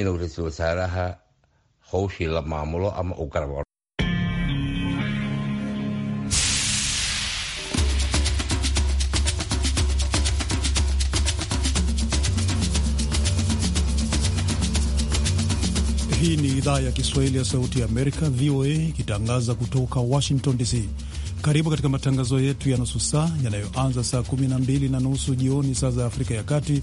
inuu ra-iisul wasaaraha hawshii la maamulo ama uu garab Hii ni idhaa ya Kiswahili ya Sauti ya Amerika, VOA, ikitangaza kutoka Washington DC. Karibu katika matangazo yetu ya nusu saa yanayoanza saa 12 na nusu jioni saa za Afrika ya Kati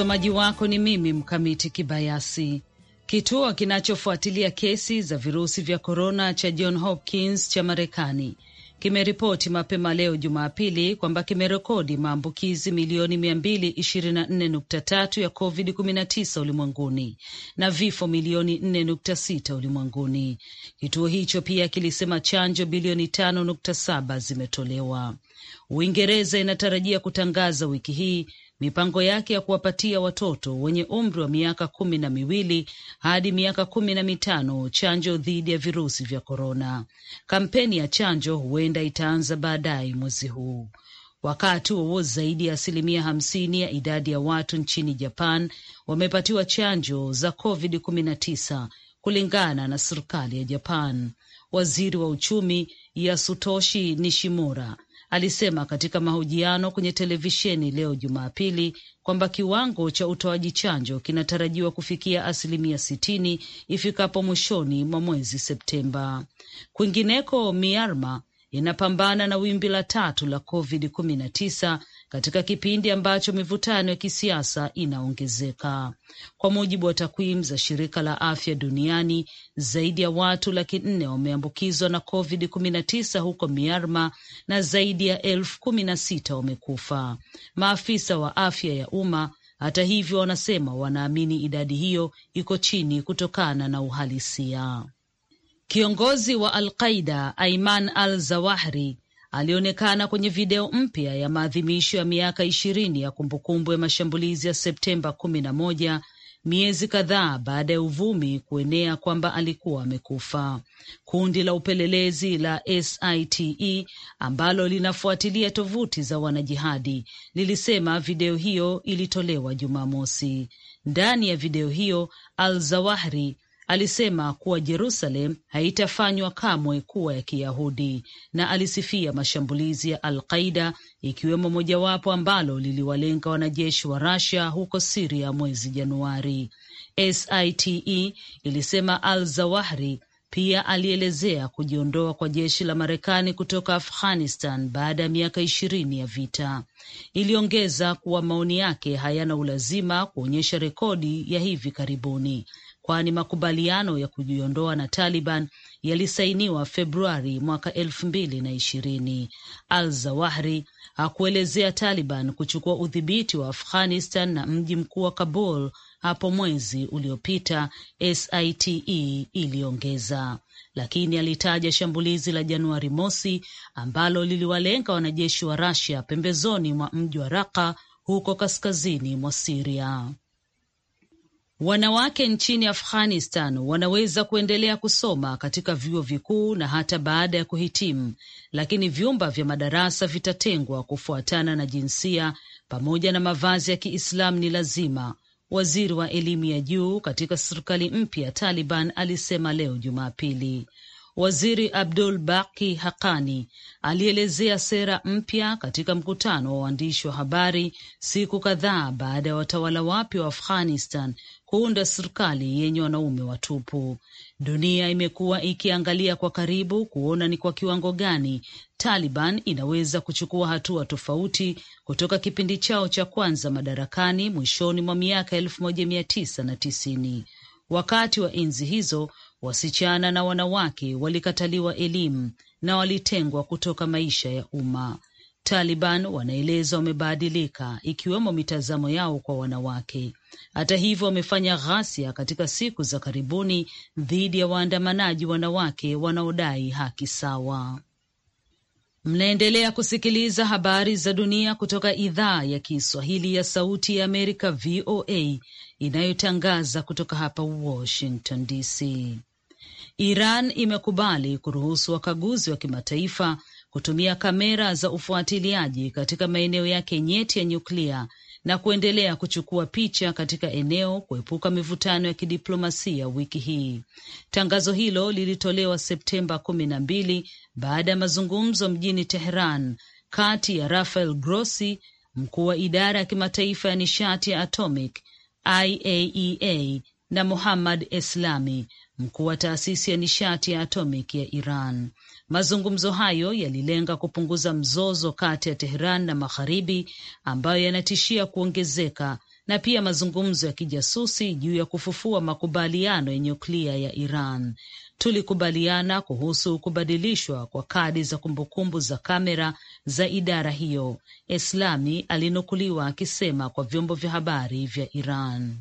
Msomaji wako ni mimi Mkamiti Kibayasi. Kituo kinachofuatilia kesi za virusi vya korona cha John Hopkins cha Marekani kimeripoti mapema leo Jumapili kwamba kimerekodi maambukizi milioni 224.3 ya COVID-19 ulimwenguni na vifo milioni 4.6 ulimwenguni. Kituo hicho pia kilisema chanjo bilioni 5.7 zimetolewa. Uingereza inatarajia kutangaza wiki hii mipango yake ya kuwapatia watoto wenye umri wa miaka kumi na miwili hadi miaka kumi na mitano chanjo dhidi ya virusi vya korona. Kampeni ya chanjo huenda itaanza baadaye mwezi huu. Wakati wowo zaidi ya asilimia hamsini ya idadi ya watu nchini Japan wamepatiwa chanjo za COVID-19 kulingana na serikali ya Japan. Waziri wa uchumi Yasutoshi Nishimura alisema katika mahojiano kwenye televisheni leo Jumapili kwamba kiwango cha utoaji chanjo kinatarajiwa kufikia asilimia sitini ifikapo mwishoni mwa mwezi Septemba. Kwingineko, Myanmar inapambana na wimbi la tatu la COVID-19 katika kipindi ambacho mivutano ya kisiasa inaongezeka. Kwa mujibu wa takwimu za shirika la afya duniani, zaidi ya watu laki nne wameambukizwa na COVID 19 huko Myanmar na zaidi ya elfu kumi na sita wamekufa. Maafisa wa afya ya umma hata hivyo, wanasema wanaamini idadi hiyo iko chini kutokana na uhalisia. Kiongozi wa Alqaida Aiman al Zawahri alionekana kwenye video mpya ya maadhimisho ya miaka ishirini ya kumbukumbu ya mashambulizi ya Septemba kumi na moja miezi kadhaa baada ya uvumi kuenea kwamba alikuwa amekufa. Kundi la upelelezi la SITE ambalo linafuatilia tovuti za wanajihadi lilisema video hiyo ilitolewa Jumamosi. Ndani ya video hiyo, Al Zawahri alisema kuwa Jerusalem haitafanywa kamwe kuwa ya Kiyahudi na alisifia mashambulizi ya Al-Qaida ikiwemo mojawapo ambalo liliwalenga wanajeshi wa rasia huko Siria mwezi Januari. Site ilisema Al-Zawahri pia alielezea kujiondoa kwa jeshi la Marekani kutoka Afghanistan baada ya miaka ishirini ya vita. Iliongeza kuwa maoni yake hayana ulazima kuonyesha rekodi ya hivi karibuni kwani makubaliano ya kujiondoa na Taliban yalisainiwa Februari mwaka elfu mbili na ishirini. Al Zawahri hakuelezea Taliban kuchukua udhibiti wa Afghanistan na mji mkuu wa Kabul hapo mwezi uliopita, Site iliongeza, lakini alitaja shambulizi la Januari mosi ambalo liliwalenga wanajeshi wa Rasia pembezoni mwa mji wa Raka huko kaskazini mwa Siria. Wanawake nchini Afghanistan wanaweza kuendelea kusoma katika vyuo vikuu na hata baada ya kuhitimu, lakini vyumba vya madarasa vitatengwa kufuatana na jinsia, pamoja na mavazi ya Kiislamu ni lazima, waziri wa elimu ya juu katika serikali mpya Taliban alisema leo Jumapili. Waziri Abdul Baki Hakani alielezea sera mpya katika mkutano wa waandishi wa habari siku kadhaa baada ya watawala wapya wa Afghanistan kuunda serikali yenye wanaume watupu. Dunia imekuwa ikiangalia kwa karibu kuona ni kwa kiwango gani Taliban inaweza kuchukua hatua tofauti kutoka kipindi chao cha kwanza madarakani mwishoni mwa miaka elfu moja mia tisa na tisini. Wakati wa enzi hizo wasichana na wanawake walikataliwa elimu na walitengwa kutoka maisha ya umma. Taliban wanaeleza wamebadilika ikiwemo mitazamo yao kwa wanawake. Hata hivyo, wamefanya ghasia katika siku za karibuni dhidi ya waandamanaji wanawake wanaodai haki sawa. Mnaendelea kusikiliza habari za dunia kutoka idhaa ya Kiswahili ya Sauti ya Amerika, VOA, inayotangaza kutoka hapa Washington DC. Iran imekubali kuruhusu wakaguzi wa kimataifa kutumia kamera za ufuatiliaji katika maeneo yake nyeti ya nyuklia na kuendelea kuchukua picha katika eneo kuepuka mivutano ya kidiplomasia wiki hii. Tangazo hilo lilitolewa Septemba kumi na mbili baada ya mazungumzo mjini Teheran kati ya Rafael Grossi, mkuu wa idara ya kimataifa ya nishati ya atomic IAEA, e na muhammad Eslami, mkuu wa taasisi ya nishati ya atomic ya Iran. Mazungumzo hayo yalilenga kupunguza mzozo kati ya Tehran na Magharibi ambayo yanatishia kuongezeka na pia mazungumzo ya kijasusi juu ya kufufua makubaliano ya nyuklia ya Iran. Tulikubaliana kuhusu kubadilishwa kwa kadi za kumbukumbu za kamera za idara hiyo, Eslami alinukuliwa akisema kwa vyombo vya habari vya Iran.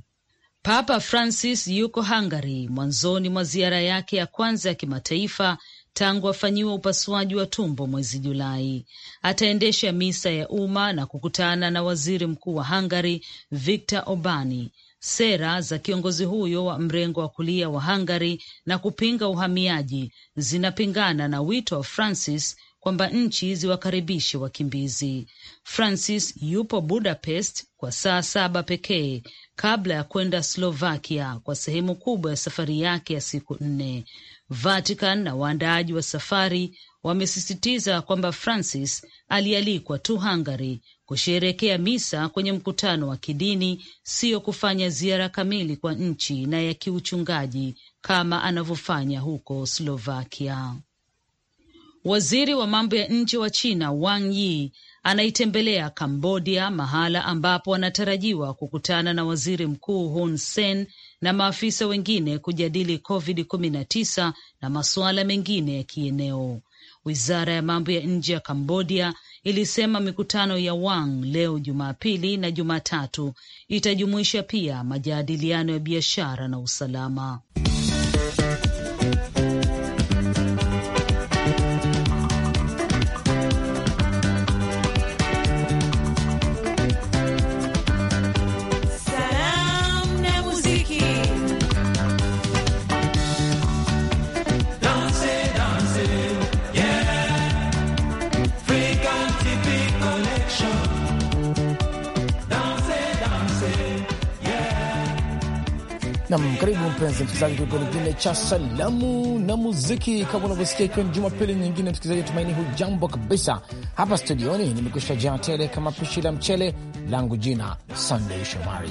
Papa Francis yuko Hungary mwanzoni mwa ziara yake ya kwanza ya kimataifa tangu afanyiwa upasuaji wa tumbo mwezi Julai. Ataendesha misa ya umma na kukutana na waziri mkuu wa Hungary Viktor obani Sera za kiongozi huyo wa mrengo wa kulia wa Hungary na kupinga uhamiaji zinapingana na wito wa Francis kwamba nchi ziwakaribishe wakimbizi. Francis yupo Budapest kwa saa saba pekee kabla ya kwenda Slovakia kwa sehemu kubwa ya safari yake ya siku nne. Vatican na waandaaji wa safari wamesisitiza kwamba Francis alialikwa tu Hungary kusherehekea misa kwenye mkutano wa kidini, siyo kufanya ziara kamili kwa nchi na ya kiuchungaji kama anavyofanya huko Slovakia. Waziri wa mambo ya nje wa China Wang Yi anaitembelea Kambodia, mahala ambapo anatarajiwa kukutana na waziri mkuu Hun Sen na maafisa wengine kujadili COVID-19 na masuala mengine ya kieneo. Wizara ya mambo ya nje ya Kambodia ilisema mikutano ya Wang leo Jumapili na Jumatatu itajumuisha pia majadiliano ya biashara na usalama. Nam, karibu mpenzi msikilizaji, kipindi kingine cha salamu na muziki, kama unavyosikia, ikiwa ni Jumapili nyingine. Msikilizaji, tumaini hujambo kabisa. Hapa studioni nimekusha jaa tele kama pishi la mchele langu, jina sandey Shomari.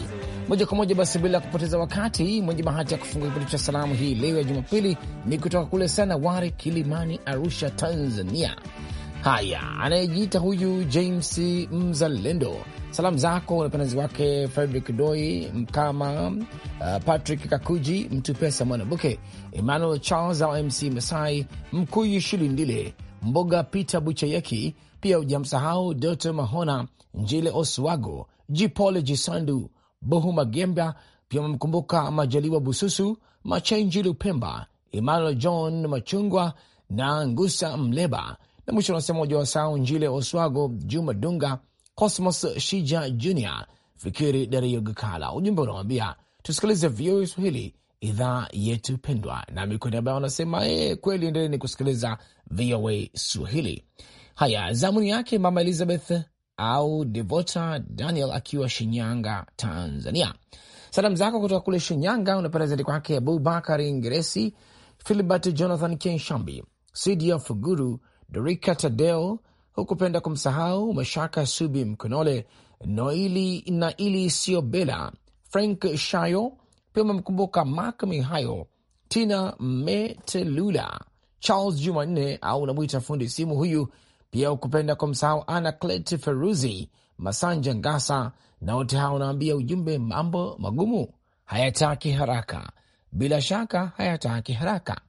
Moja kwa moja basi, bila kupoteza wakati, mwenye bahati ya kufunga kipindi cha salamu hii leo ya Jumapili ni kutoka kule sana Wari Kilimani, Arusha, Tanzania. Haya, anayejiita huyu James Mzalendo salamu zako napendezi wake Frederick Doi Mkama, uh, Patrick Kakuji, Mtu Pesa, Mwanabuke Emmanuel Charles au MC Masai Mkuyu, Shilindile Mboga, Peter Bucheyeki, pia ujamsahau Doto Mahona, Njile Oswago, Jipole Jisandu, Bohu Magemba, pia amemkumbuka Majaliwa Bususu, Machenji Lupemba, Emmanuel John Machungwa na Ngusa Mleba, na mwisho anasema ujawasahau Njile Oswago, Juma Dunga Cosmos Shija Jr, Fikiri Dario Ujumbe unawambia tusikilize VOA Swahili, idhaa yetu pendwa. na kwa ambayo wanasema e, kweli endeleni kusikiliza VOA Swahili. Haya, zamuni yake Mama Elizabeth au Devota Daniel akiwa Shinyanga, Tanzania. Salamu zako kutoka kule Shinyanga unapenda zaidi kwake Abubakari Ngresi, Filibert Jonathan Kenshambi, Sidia Fuguru, Dorika Tadeo hukupenda kumsahau Mashaka Subi Mkonole, Noili Naili Siobela, Frank Shayo. Pia umemkumbuka Mak Mihayo, Tina Metelula, Charles Jumanne au unamwita fundi simu huyu. Pia hukupenda kumsahau Ana Clet Feruzi, Masanja Ngasa, na wote hawa unaambia ujumbe, mambo magumu hayataki haraka, bila shaka hayataki haraka.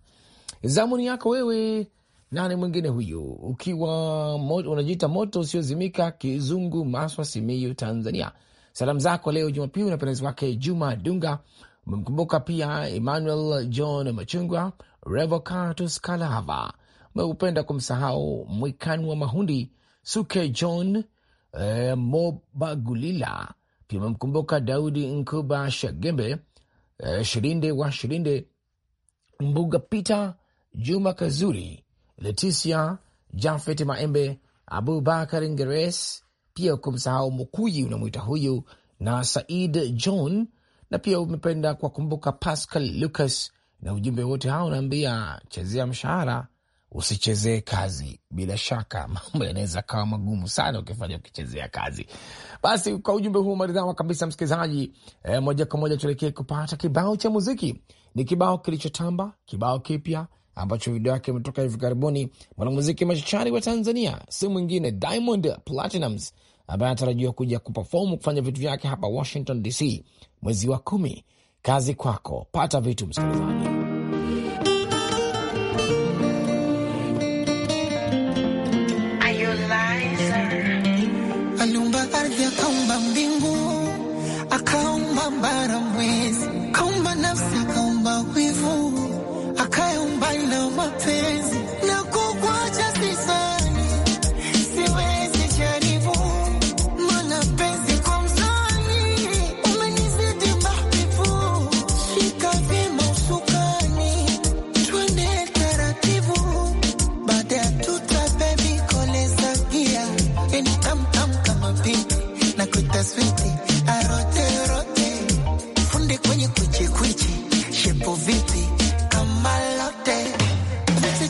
Zamuni yako wewe nani mwingine huyu, ukiwa moto, unajiita moto usiozimika, Kizungu Maswa, Simiyu, Tanzania. Salamu zako leo Jumapili unapendezi wake Juma Dunga, umemkumbuka pia Emmanuel John Machungwa, Revocatus Kalava, umependa kumsahau Mwikani wa Mahundi, Suke John eh, Mobagulila, pia umemkumbuka Daudi Nkuba Shagembe, eh, Shirinde wa Shirinde, Mbuga Peter Juma Kazuri Leticia Jafet Maembe, Abubakar Ngeres, pia kumsahau Mukuyi unamwita huyu na Said John, na pia umependa kuwakumbuka Pascal Lucas, na ujumbe wote hao unaambia chezea mshahara usichezee kazi. Bila shaka mambo yanaweza kawa magumu sana ukifanya ukichezea kazi. Basi kwa ujumbe huu maridhawa kabisa, msikilizaji, eh, moja kwa moja tuelekee kupata kibao cha muziki. Ni kibao kilichotamba, kibao kipya ambacho video yake imetoka hivi karibuni. Mwanamuziki machachari wa Tanzania si mwingine Diamond Platinums ambaye anatarajiwa kuja kuperform kufanya vitu vyake hapa Washington DC mwezi wa kumi. Kazi kwako, pata vitu msikilizaji.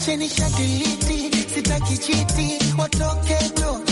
Acheni shatiti, sitaki watoke bro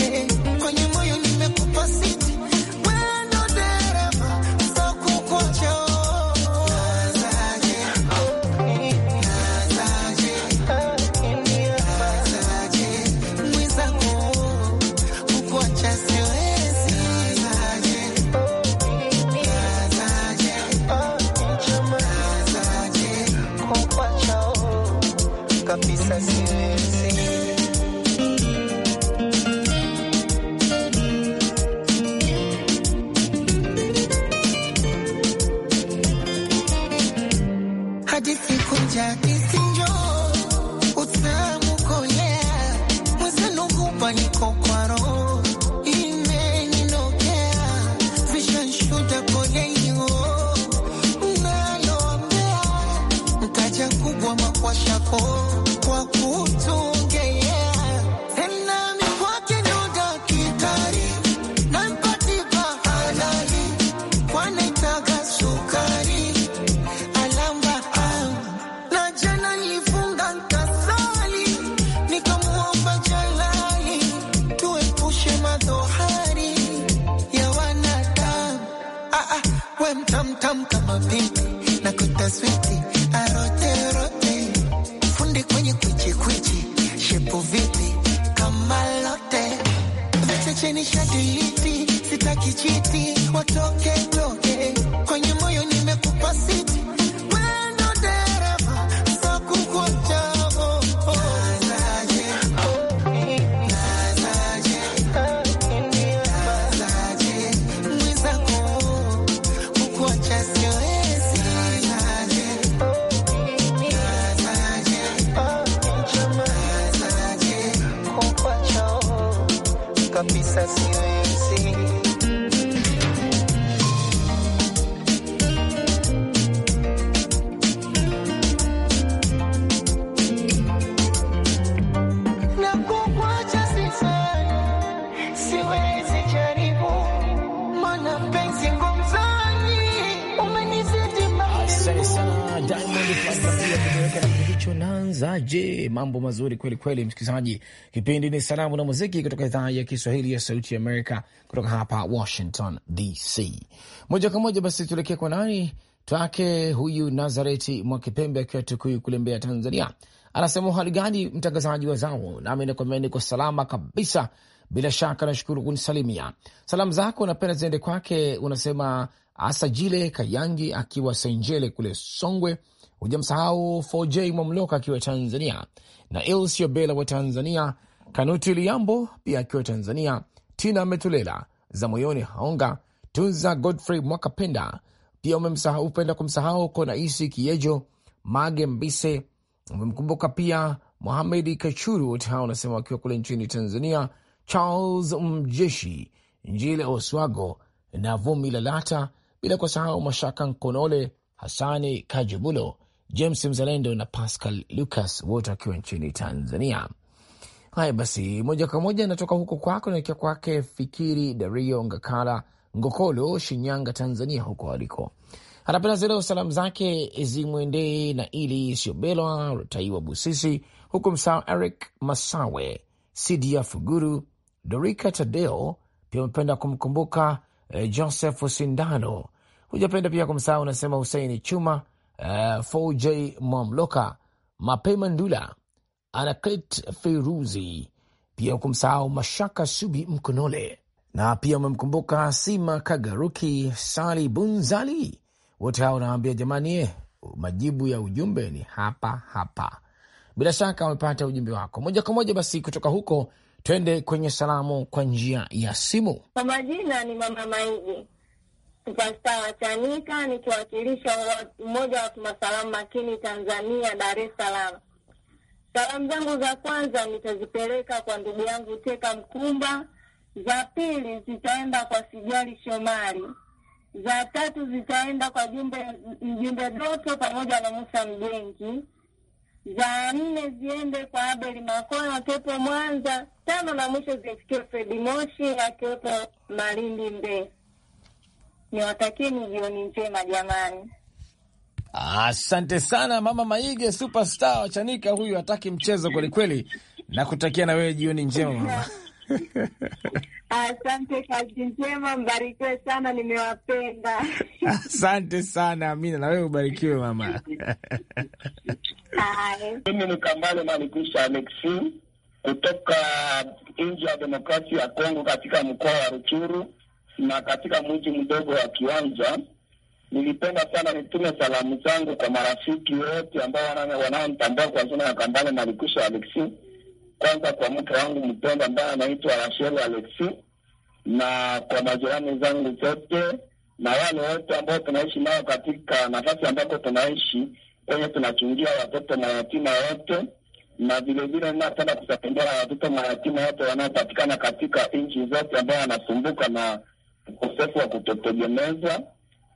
mambo mazuri kweli kweli. Msikilizaji, kipindi ni salamu na muziki kutoka idhaa ya Kiswahili ya Sauti ya Amerika kutoka hapa Washington DC. Moja kwa moja basi tuelekee kwa nani twake huyu Nazareti Mwakipembe akiwa Tukuyu kule Mbeya, Tanzania, anasema hali gani mtangazaji wa zao? Nami nakwambia niko salama kabisa, bila shaka nashukuru kunisalimia. Salamu zako napenda ziende kwake, unasema Asajile Kayangi akiwa Senjele kule Songwe, hujamsahau Foj Mwamloka akiwa Tanzania na Elsio Bela wa Tanzania, Kanuti Liambo pia akiwa Tanzania, Tina Metulela za moyoni Haonga Tunza Godfrey Mwakapenda pia upenda kumsahau Konaisi Kiejo Mage Mbise, umemkumbuka pia Mohamedi Kachuru, wote hawa unasema wakiwa kule nchini Tanzania, Charles Mjeshi Njile Oswago na Vumi Lalata bila kusahau Mashaka Nkonole, Hasani Kajibulo, James Mzalendo na Pascal Lucas, wote wakiwa nchini Tanzania. Haya basi, moja kwa moja natoka huko kwako naelekea kwake Fikiri Dario Ngakala Ngokolo, Shinyanga, Tanzania, huko aliko anapenda zileo salamu zake zimwendee na ili Siobelwa Rutaiwa Busisi, huku msao Eric Masawe, Sidia Fuguru, Dorika Tadeo. Pia amependa kumkumbuka Eh, Joseph Sindano, hujapenda pia kumsahau, unasema Huseini Chuma, eh, j Mwamloka, Mapema Ndula, Anakrit Feruzi, pia kumsahau Mashaka Subi Mkonole na pia umemkumbuka Sima Kagaruki, Sali Bunzali. Wote hawa unawambia jamani, eh, majibu ya ujumbe ni hapa hapa. Bila shaka wamepata ujumbe wako moja kwa moja. Basi kutoka huko Twende kwenye salamu kwa njia ya simu. Kwa majina ni Mama Maiji Supasta Wachanika, nikiwakilisha mmoja wa tumasalamu makini Tanzania, Dar es Salaam. Salamu zangu za kwanza nitazipeleka kwa ndugu yangu Teka Mkumba, za pili zitaenda kwa Sijali Shomari, za tatu zitaenda kwa Jumbe Mjumbe Doto pamoja na Musa Mjengi za nne ziende kwa Abel Makoa akiwepo Mwanza, tano na mwisho zifikie Fredi Moshi akiwepo Malindi Mbee. ni jioni njema jamani. Asante sana Mama Maige, superstar wachanika huyu hataki mchezo kwelikweli, na kutakia na wewe jioni njema mama Asante, kazi njema, mbarikiwe sana, nimewapenda. Asante sana Amina, na wewe ubarikiwe mama. Mimi ni Kambale Malikusha Alexi kutoka nji ya demokrasia ya Kongo katika mkoa wa Ruchuru na katika mji mdogo wa Kiwanja. Nilipenda sana nitume salamu zangu kwa marafiki wote ambao wanaonitambua kwa jina ya Kambale Malikusha Alexi kwanza kwa mke wangu mpendwa ambaye anaitwa Rachel Alexi, na kwa majirani zangu zote na wale wote ambao tunaishi nao katika nafasi ambako tunaishi kwenye tunachungia watoto mayatima wote, na vilevile napenda kusapendela watoto mayatima wote wanaopatikana katika nchi zote ambao wanasumbuka na ukosefu wa kutotegemezwa.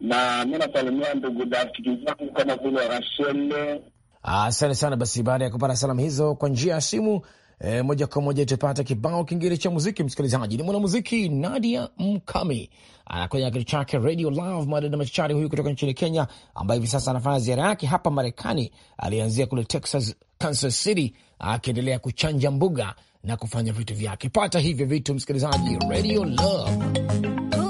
Na mi nasalimia ndugu rafiki zangu kama vile Rashele. Asante sana. Basi baada ya kupata salamu hizo kwa njia ya simu E, moja kwa moja tupata kibao kingine cha muziki. Msikilizaji ni mwanamuziki Nadia Mkami anakwenya kitu chake Radio Love. mwanadada machari huyu kutoka nchini Kenya, ambaye hivi sasa anafanya ziara yake hapa Marekani. Alianzia kule Texas, Kansas City, akiendelea kuchanja mbuga na kufanya vitu vyake. Pata hivyo vitu msikilizaji, Radio Love.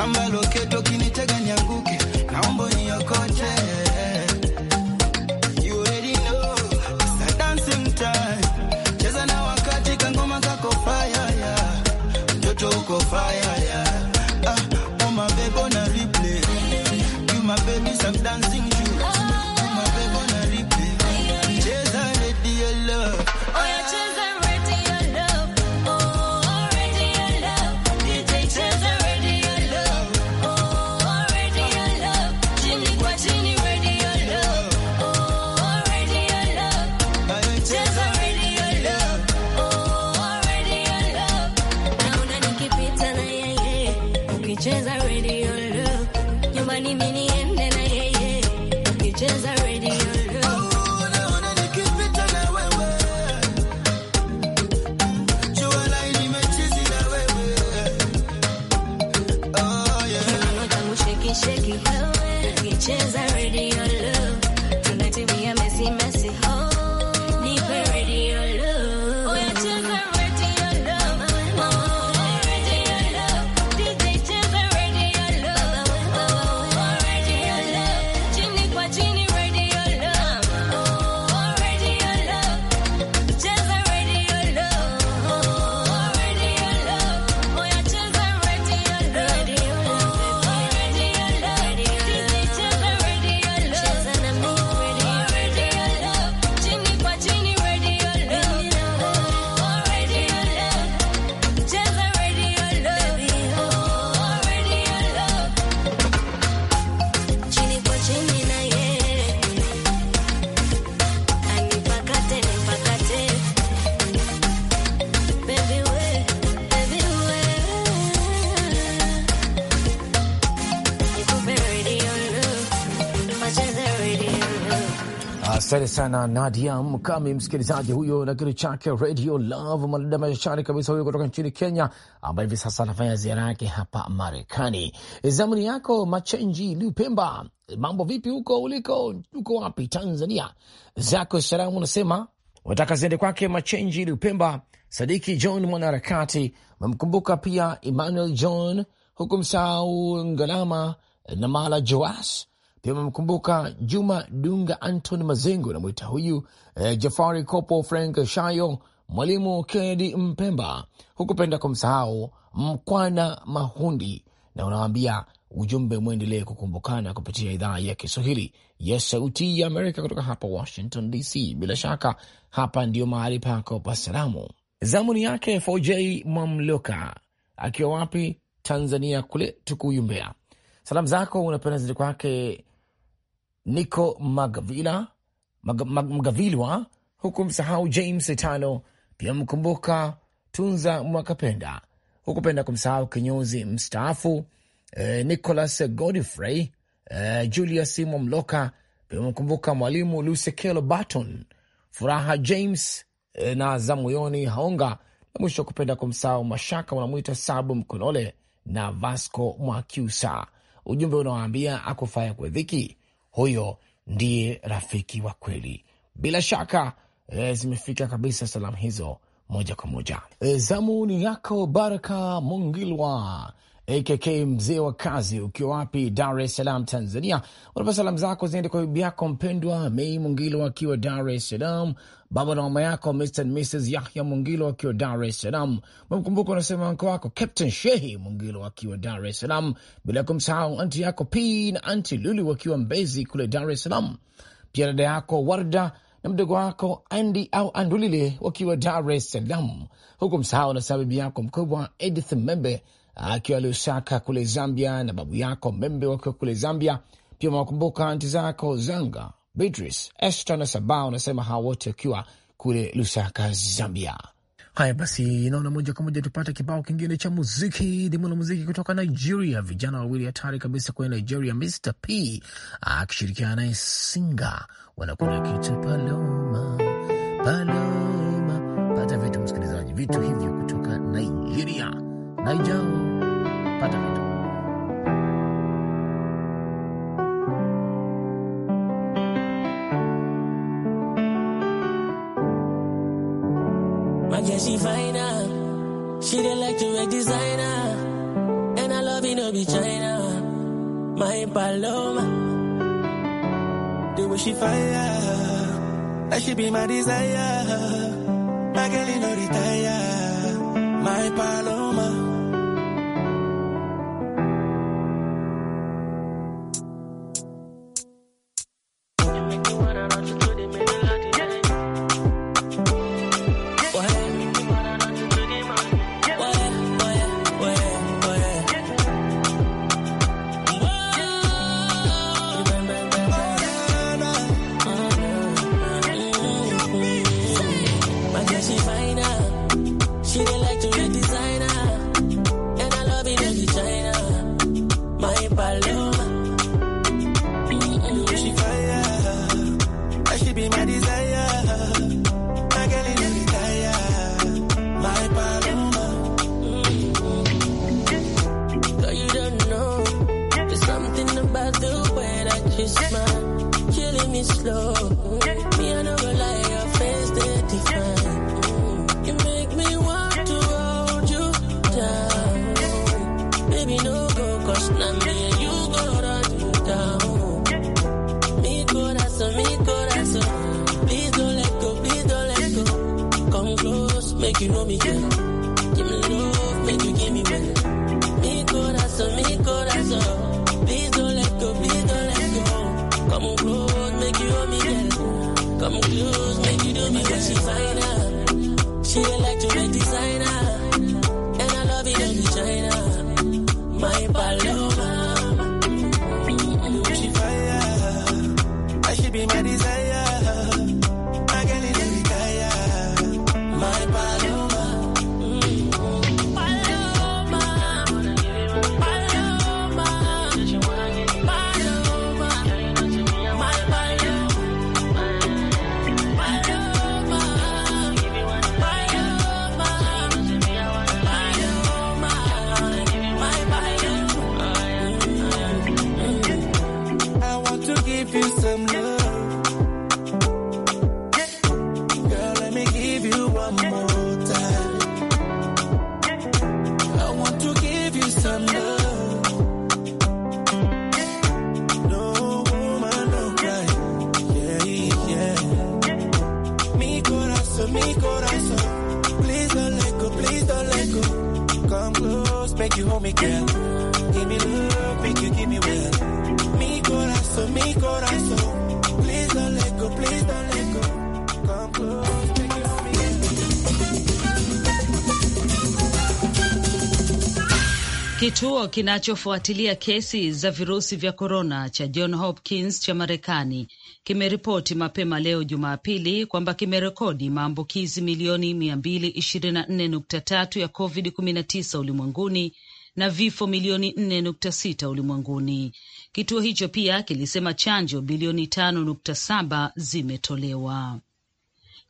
Samba loketo kinitega nyanguke, naomba niokote. na wakati fire yeah. Ah, oh my baby on a replay. You my baby, some dancing Asante sana Nadia Mkami, msikilizaji huyo na kitu chake Radio Love, mwanadada mashari kabisa huyo kutoka nchini Kenya, ambaye hivi sasa anafanya ziara yake hapa Marekani. Zamuni yako Machenji Lupemba, mambo vipi huko uliko? Uko wapi Tanzania? Zako salamu unasema unataka ziende kwake Machenji Lupemba, Sadiki John mwanaharakati, memkumbuka pia Emmanuel John, huku msahau Ngalama na Mala Joas pia amemkumbuka Juma Dunga, Anton Mazengo na mwita huyu eh, Jafari Kopo, Frank Shayo, Mwalimu Kennedy Mpemba, hukupenda kumsahau Mkwana Mahundi, na unawaambia ujumbe mwendelee kukumbukana kupitia idhaa ya Kiswahili ya Sauti ya Amerika kutoka hapa Washington DC. Bila shaka hapa ndiyo mahali pako pa salamu. Zamuni yake FJ Mwamloka akiwa wapi Tanzania, kule Tukuyu, Mbeya. Salamu zako unapenda zili kwake Nico Magavila, Mag, Mag, Magavilwa, huku msahau James Tano, pia mkumbuka Tunza Mwakapenda, penda kumsahau kinyozi mstaafu eh, Nicolas Godfrey eh, Julius Mwamloka, pia mkumbuka mwalimu Lusekelo Barton, Furaha James eh, na zamuyoni Haonga, na mwisho kupenda kumsahau Mashaka wanamwita Sabu Mkonole na Vasco Mwakiusa. Ujumbe unawaambia akufaya kwa dhiki huyo ndiye rafiki wa kweli. Bila shaka e, zimefika kabisa salamu hizo moja kwa moja. E, eh, zamu ni yako Baraka Mungilwa AKK mzee wa kazi, ukiwa wapi? Dar es Salaam, Tanzania, unapa salamu zako ziende kwa bibi yako mpendwa Mei Mungilo akiwa Dar es Salaam, baba na mama yako Mr. and Mrs. Yahya Mungilo akiwa Dar es Salaam. Memkumbuka unasema wanko wako Captain Shehi Mungilo akiwa Dar es Salaam, bila kumsahau anti yako P na anti Lulu wakiwa Mbezi kule Dar es Salaam, pia dada yako Warda na mdogo wako Andi au Andulile wakiwa Dar es Salaam, huku msahau na sababu yako mkubwa Edith Membe akiwa Lusaka kule Zambia na babu yako Membe wakiwa kule Zambia. Pia mewakumbuka anti zako Zanga, Beatrice, Esther na Sabaa, unasema hawa wote wakiwa kule Lusaka, Zambia. Haya basi, naona moja kwa moja tupate kibao kingine cha muziki. Ni mwanamuziki kutoka Nigeria, vijana wawili hatari kabisa kwenye Nigeria, Mr P akishirikiana naye Singa, wanakula kitu Paloma Paloma. Pata vitu msikilizaji, vitu hivyo kutoka Nigeria, Nigeria. Patagonia. My girl, she fine up. She didn't like to wear designer. And I love you no be China. My Paloma. The way she fire. That should be my desire. make you hold me, girl. Come close, make you do me when she fine. She like to be designer. Kituo kinachofuatilia kesi za virusi vya korona cha John Hopkins cha Marekani kimeripoti mapema leo Jumapili kwamba kimerekodi maambukizi milioni 224.3 ya COVID-19 ulimwenguni na vifo milioni 4.6 ulimwenguni. Kituo hicho pia kilisema chanjo bilioni 5.7 zimetolewa.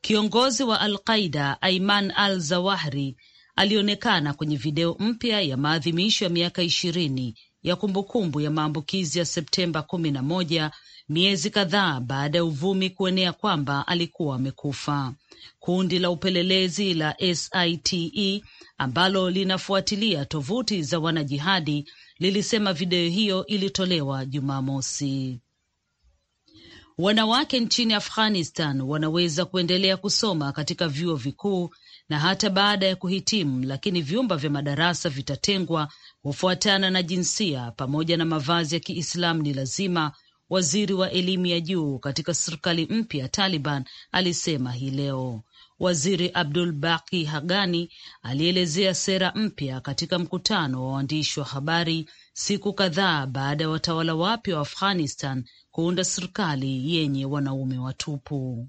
Kiongozi wa Alqaida Aiman al Zawahri alionekana kwenye video mpya ya maadhimisho ya miaka ishirini ya kumbukumbu ya maambukizi ya Septemba kumi na moja, miezi kadhaa baada ya uvumi kuenea kwamba alikuwa amekufa. Kundi la upelelezi la SITE ambalo linafuatilia tovuti za wanajihadi lilisema video hiyo ilitolewa Jumamosi. Wanawake nchini Afghanistan wanaweza kuendelea kusoma katika vyuo vikuu na hata baada ya kuhitimu, lakini vyumba vya madarasa vitatengwa hufuatana na jinsia pamoja na mavazi ya Kiislamu ni lazima, waziri wa elimu ya juu katika serikali mpya Taliban alisema hii leo. Waziri Abdul Baki Hagani alielezea sera mpya katika mkutano wa waandishi wa habari siku kadhaa baada ya watawala wapya wa Afghanistan kuunda serikali yenye wanaume watupu.